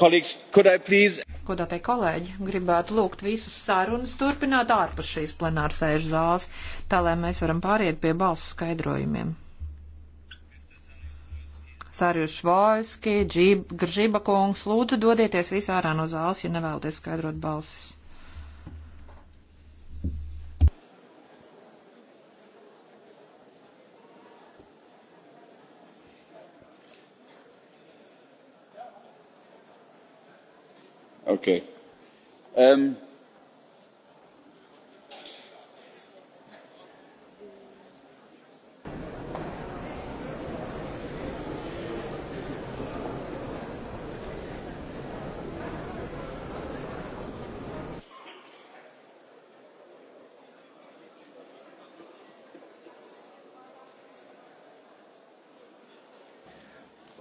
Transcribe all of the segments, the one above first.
Godātie kolēģi, gribētu lūgt visus sarunas turpināt ārpus šīs plenārsēžu zāles, tā lai mēs varam pāriet pie balsu skaidrojumiem. Sārjus Švojski, Gržiba kungs, lūdzu dodieties visā ārā no zāles, ja nevēlaties skaidrot balsis. Okay. Um,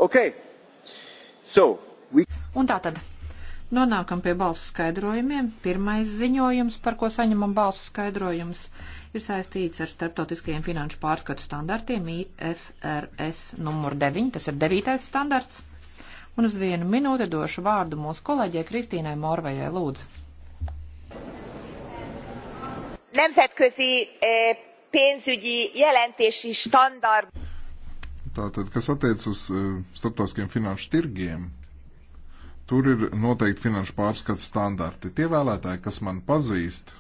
Okay. So, we... Un tā tad Nonākam pie balsu skaidrojumiem. Pirmais ziņojums, par ko saņemam balsu skaidrojums, ir saistīts ar starptautiskajiem finanšu pārskatu standartiem IFRS numur 9, tas ir 9. standarts. Un uz vienu minūti došu vārdu mūsu kolēģei Kristīnai Morvejai Lūdzu. Nemzetközi eh, pénzügyi jelentési standard. Tātad, kas attiec uz eh, starptautiskiem finanšu tirgiem, Tur ir noteikti finanšu pārskats standarti. Tie vēlētāji, kas man pazīst,